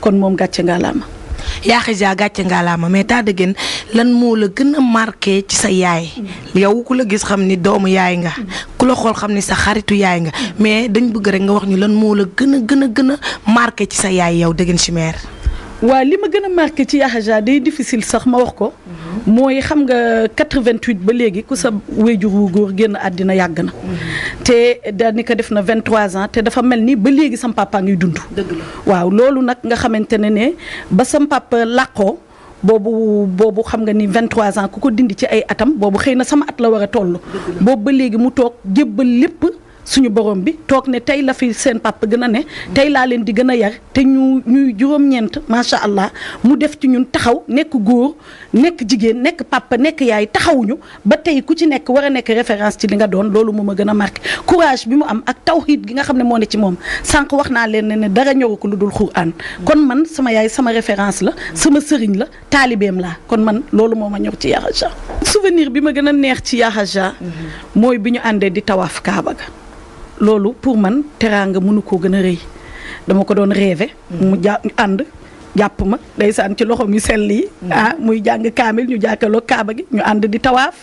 kon moom gàcce ngalaama. yaa Khadija gàcce ngalaama mais taa dëgg lan moo la gën a marqué ci sa yaay. yow ku la gis xam ni doomu yaay nga. ku la xool xam ni sa xaritu yaay nga mais dañ bëgg rek nga wax ñu lan moo la gën a gën a gën a marqué ci sa yaay yow dëgg Chimère. waa li ma gën a marqué ci Yahaja day difficile sax ma wax ko. mooy xam nga 88 ba léegi ku sa wéjur wu góor génn àddina yàgg na. te danika def na 23 ans te dafa mel ni ba léegi sam papa ngi dund. waaw loolu nag nga xamante ne ne ba sa papa làqoo. boobu boobu xam nga ni 23 ans ku ko dind ci ay atam boobu xëy na sama at la war a toll. boobu ba léegi mu toog jébbal lépp. suñu borom bi toog ne tey la fi seen papa gën a ne tey laa leen di gën a yar te ñu ñuy juróom-ñeent macha allah mu def ci ñun taxaw nekk góor nekk jigéen nekk papa nekk yaay taxawuñu ba tey ku ci nekk war a nekk référence ci li nga doon loolu moom a gën a marqué courage bi mu am ak tawxiid gi nga xam ne moo ne ci moom sànq wax naa leen ne ne dara ñoru ko lu dul xuraan kon man sama yaay sama référence la sama sëriñ la taalibeem la kon man loolu moo ma ñor ci Yahaja souvenir bi ma gën a neex ci Yahaja mhm. mooy bi ñu àndee di tawaaf Kaaba loolu pour man teraanga mënu koo gën a rëy dama ko doon rêvé mm-hmm. mu ja ànd jàpp ma ndeysaan ci loxoom yu sell yi. Mm. ah muy jàng kaamil ñu jàkkaloo kaaba gi ñu ànd di tawaaf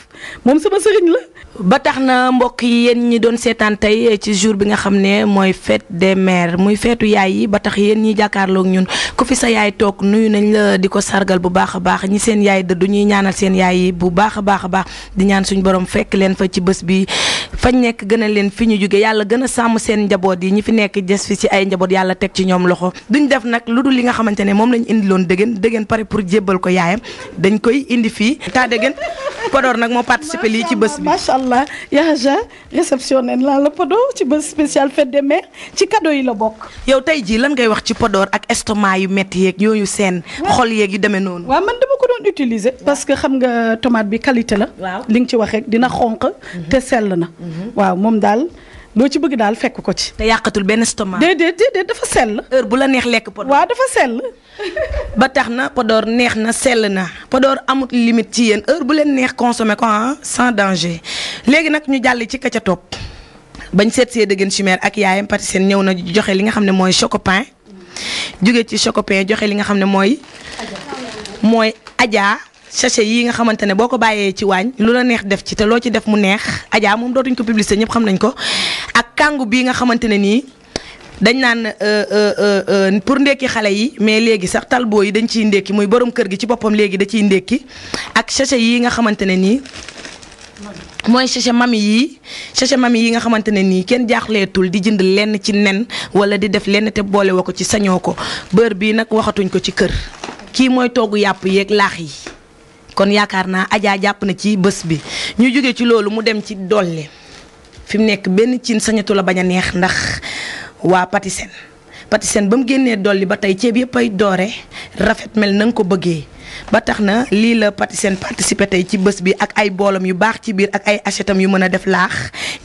moom sama sëriñ la. ba tax na mbokk yi yéen ñi doon seetaan tey ci jour bi nga xam ne mooy fête de mères muy feetu yaay yi ba tax yéen ñi jàkkaarloog ñun ku fi sa yaay toog nuyu nañ la di ko sargal bu baax a baax ñi seen yaay dëddu ñuy ñaanal seen yaay yi bu baax a baax a baax di ñaan suñu borom fekk leen fa ci bës bi fañ nekk gën leen fi ñu jóge yàlla gën a sàmm seen njaboot yi ñi fi nekk des fi ci ay njaboot yàlla teg ci ñoom loxo moom lañ indiloon dëgën dëgën pare pour jébbal ko yaayam dañ koy indi fii taa dëgën Podor nag moo participé lii ci bës bi macha allah Yaja réception nen laa la Podor ci bés spécial fête des mères ci cadeau yi la bokk. yow tey jii lan ngay wax ci Podor ak estomac yu métti yeeg yooyu seen. xool yeeg yu demee noonu. waaw man dama ko doon utiliser. parce que xam nga tomate bi qualité la. li nga ci waxeek dina xonq te sell na. Mhm. waaw moom daal. loo ci bëgg daal fekk ko ci. te yàqatul benn stomac. déedéet déedéet dafa sell. heure bu la neex lekk Podor. waaw dafa sell. ba tax na Podor neex na sell na Podor amut limite ci yéen heure bu leen neex consommer ko ah sans danger léegi nag ñu jàll ci ka ca topp bañ seet see dëgën chimère ak yaayam pati seen ñëw na joxe li nga xam ne mooy chocopin jóge ci chocopin joxe li nga xam ne mooy. mooy ajaa sachet yi nga xamante ne boo ko bàyyee ci waañ lu la neex def ci te loo ci def mu neex Adja moom dootuñ ko publicité ñëpp xam nañ ko ak kàngu bi nga xamante ne nii dañ naan euh, euh, euh, pour ndekki xale yi mais léegi sax talboo yi dañ ciy ndekki muy borom kër gi ci boppam léegi da ciy ndekki ak sachet yi nga xamante ne nii. mooy sachet mami yi sachet yi nga xamante ne nii kenn jaaxleetul di jënd lenn ci nen wala di def lenn te boole ko ci sañoo ko beurre bii nag waxatuñ ko ci kër kii mooy togg yàpp yeeg laax yi. kon yaakaar naa ajaa jàpp na ci bés bi ñu jóge ci loolu mu dem ci dolli fi mu nekk benn cin sañatu la bañ a neex ndax waa Patisen Patisen ba mu génnee dolli ba tey ceeb yëpp ay doore rafet mel na ko bëggee. ba tax na lii la Patisen participer tey ci bés bi ak ay boolam yu baax ci biir ak ay achetam yu mën a def laax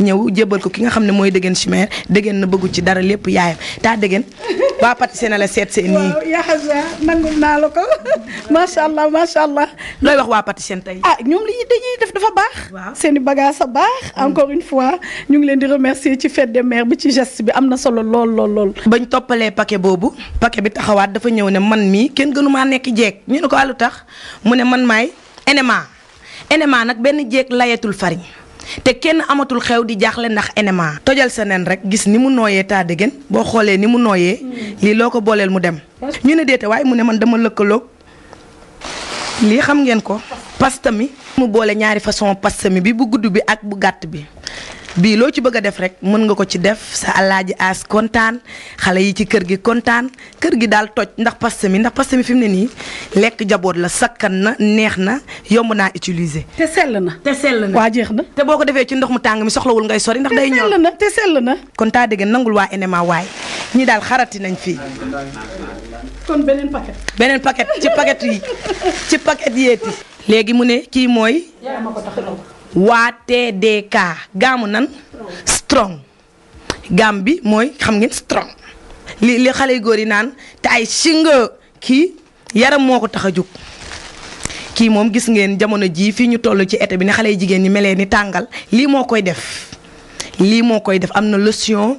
ñëw jébal ko ki nga xam ne mooy dëggeen chimère dëggeen na bëggu ci dara lépp yaayam taa dëggeen waa Patisen a la seet seen nii nangul naa la ko macha allah macha allah looy wax waa Patisen tey ah ñoom li dañuy def dafa baax. seen i bagage a baax. Mm. encore une fois ñu ngi leen di remercier ci fête des mères bi ci geste bi am na solo lool lool bañ toppalee paquet boobu paquet bi taxawaat dafa ñëw ne man mii kenn gënu maa nekk jeeg ñu ne ko allu ah, tax mu ne man maay NMA NMA nag benn jeeg layetul fariñ te kenn amatul xew di jaaxle ndax NMA. tojal sa nen rek gis ni mu nooyee taa boo xoolee ni mu nooyee. Mm. lii loo ko booleel mu dem. ñu ne déete waaye mu ne man dama lëkkaloog. lii xam ngeen ko pasta mi mu boole ñaari façon pasta mi bi bu gudd bi ak bu gàtt bi bii loo ci bëgg a def rek mën nga ko ci def sa alaaji aas kontaan xale yi ci kër gi kontaan kër gi daal toj ndax pasta mi ndax pasta mi fi mu ne nii lekk jaboot la sakkan na neex na yomb naa utiliser. te sell na te sell na waa jeex na. te boo ko defee ci ndox mu tàng mi soxlawul ngay sori ndax. day ñor te sell na te na. kon taa dégg nangul waa enema waay. ñi daal xarati nañ fii. kon beneen paquet. ci paquet yi ci paquet yeeti. léegi mu ne kii mooy. waa TDK gaamu nan strong gaam bi mooy xam ngeen strong li li xale yu góor yi naan te ay singa kii yaram moo ko tax a jóg kii moom gis ngeen jamono jii fii ñu toll ci ete bi ne xale yu jigéen ñi melee ni tàngal lii moo koy def lii moo koy def am na lotion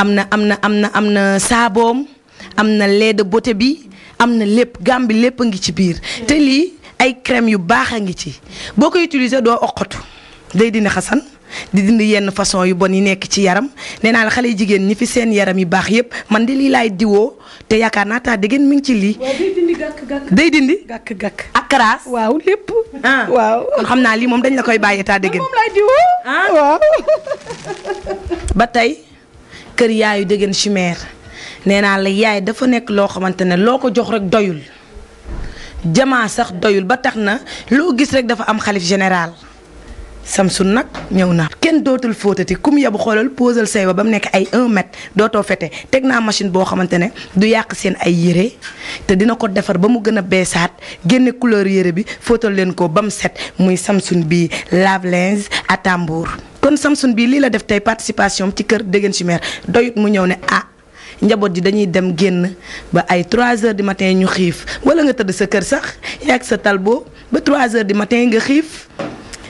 am na am na am na am na saaboom am na lait de bi am na lépp gam bi lépp a ngi ci biir te lii ay crème yu baax a ngi ci boo ko utiliser doo oqatu day dina xasan di dindi yenn façon yu bon yi nekk ci yaram nee naa la xale yu jigéen ñi fi seen yaram yu baax yépp man de lii lay diwoo te yaakaar naa tax dégg mi ngi ci lii. day dindi gàkk gàkk. day ak karaas. waaw lépp. Ah. waaw kon xam naa lii moom dañ la koy bàyyi taa dégg. Ah. ba tey. kër yaayu dégg chimère nee naa la yaay dafa nekk loo xamante ne loo ko jox rek doyul jamaa sax doyul ba tax na loo gis rek dafa am xalif général Samsung nag ñëw na. kenn dootul fóotati kum yabu xoolal posal say ba mu nekk ay 1 mètre dootoo fete teg naa machine boo xamante ne du yàq seen ay yére te dina ko defar ba mu gën a beesaat génne couleur yére bi fóotal leen ko ba mu set muy Samsung bi lave-linge à tambour kon Samsung bii lii la def tey participation ci kër Degen Chimère doyut mu ñëw ne a ah, njaboot yi dañuy dem génn ba ay trois heures du matin ñu xiif wala nga tëdd sa kër sax yàgg sa talbo ba 3 heures du matin nga xiif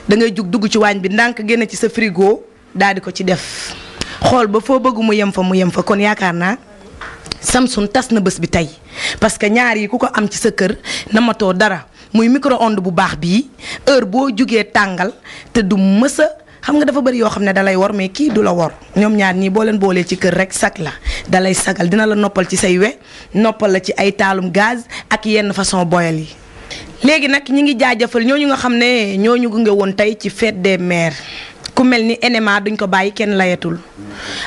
da ngay jug dugg ci waañ bi ndànk génn ci sa frigo daal di ko ci def xool ba foo bëgg mu yem fa mu yem fa kon yaakaar naa. Samsung tas na bés bi tey parce que ñaar yi ku ko am ci sa kër namatoo dara muy micro-onde bu baax bii heure boo jugee tàngal xam nga dafa bëri yoo xam ne dalay wor mais kii du la wor ñoom ñaar ñii boo leen boolee ci kër rek sag la dalay sagal dina la noppal ci say we noppal la ci ay taalum gaz ak yenn façon boyal yi. léegi nag ñi ngi jaajëfal ñooñu nga xam ne ñooñu gunge woon tey ci fête des mères ku mel ni NMA duñ ko bàyyi kenn layatul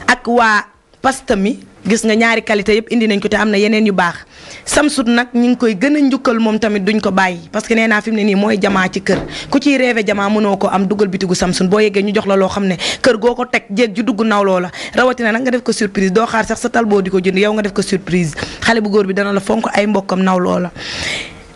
ak waa pastami gis nga ñaari qualité yëpp indi nañ ko te am na yeneen yu baax samsut nag ñu ngi koy gën njukkal moom tamit duñ ko bàyyi parce que nee naa ne nii mooy jamaa ci kër ku ciy rêvé jamaa mënoo ko am dugal bitigu samsun boo yeggee ñu jox la loo xam ne kër goo ko teg jéeg ju dugg naw loola rawatina nag nga def ko surprise doo xaar sax sa tal boo di ko jënd yow nga def ko surprise xale bu góor bi dana la fonk ay mbokkam naw loola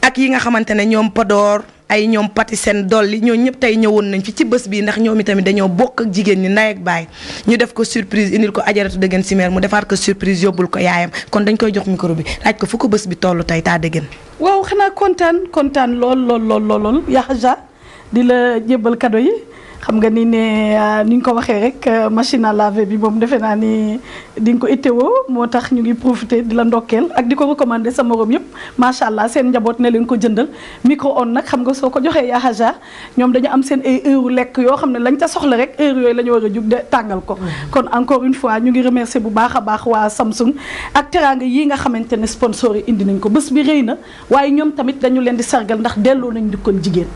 ak yi nga xamante ne ñoom Podor ay ñoom pati seen dolli ñoo ñëpp tey ñëwoon nañ fi ci bés bi ndax ñoom itamit dañoo bokk ak jigéen ñi nday ak baay ñu def ko surprise indil ko ajaratu dëgën simeer mu defaat ko surprise yóbbul ko yaayam kon dañ koy jox micro bi laaj ko fu ko bés bi toll tey taa dëgën waaw xanaa kontaan kontaan lool lool lool lool lool Yaxa di la jébbal kado yi xam nga nii ne euh, ni ñu ko waxee rek euh, machine à laver bi moom defe naa ni di nga ko itteewoo moo tax ñu ngi profité di la ndokkeel ak di ko recommandé sa morom yëpp macha allah seen njaboot ne leen ko jëndal micro onde nag xam nga soo ko joxee yaa Hadja ñoom dañu am seen heure lekk yoo xam ne lañ ca soxla rek heure yooyu la ñu war a jug de tàngal ko. kon encore une fois ñu ngi remercier bu baax a baax waa Samsung ak teraanga yi nga xamante ne sponsor yi indi nañ ko bés bi rëy na waaye ñoom tamit dañu leen di sargal ndax delloo nañ dikkoon jigéen.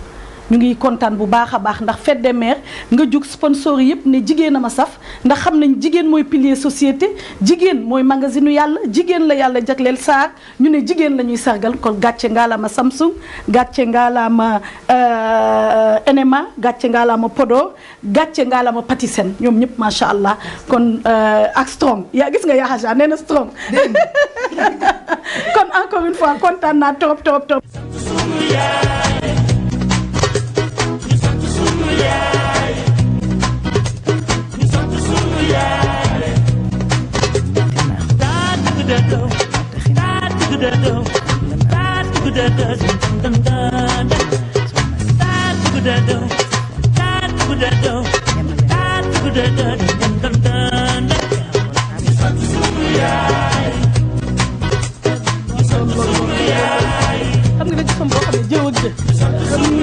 ñu ngi kontaan bu baax a baax ndax fête des mères nga jug sponsor yëpp ne jigéen a ma saf ndax xam nañ jigéen mooy pilier société jigéen mooy magasinu yàlla jigéen la yàlla jagleel saar ñu ne jigéen la ñuy sargal kon gàcce ngaalaama Samsung gàcce ngaalaama euh, NMA gàcce ngaalaama Podor gàcce ngaalaama Patisen ñoom ñëpp macha allah kon euh, ak strong yaa gis nga yaaxaja nee na strong kon encore une fois kontaan naa trop trop trop xam nga dañ ci xam boo xam ne jëw ak jë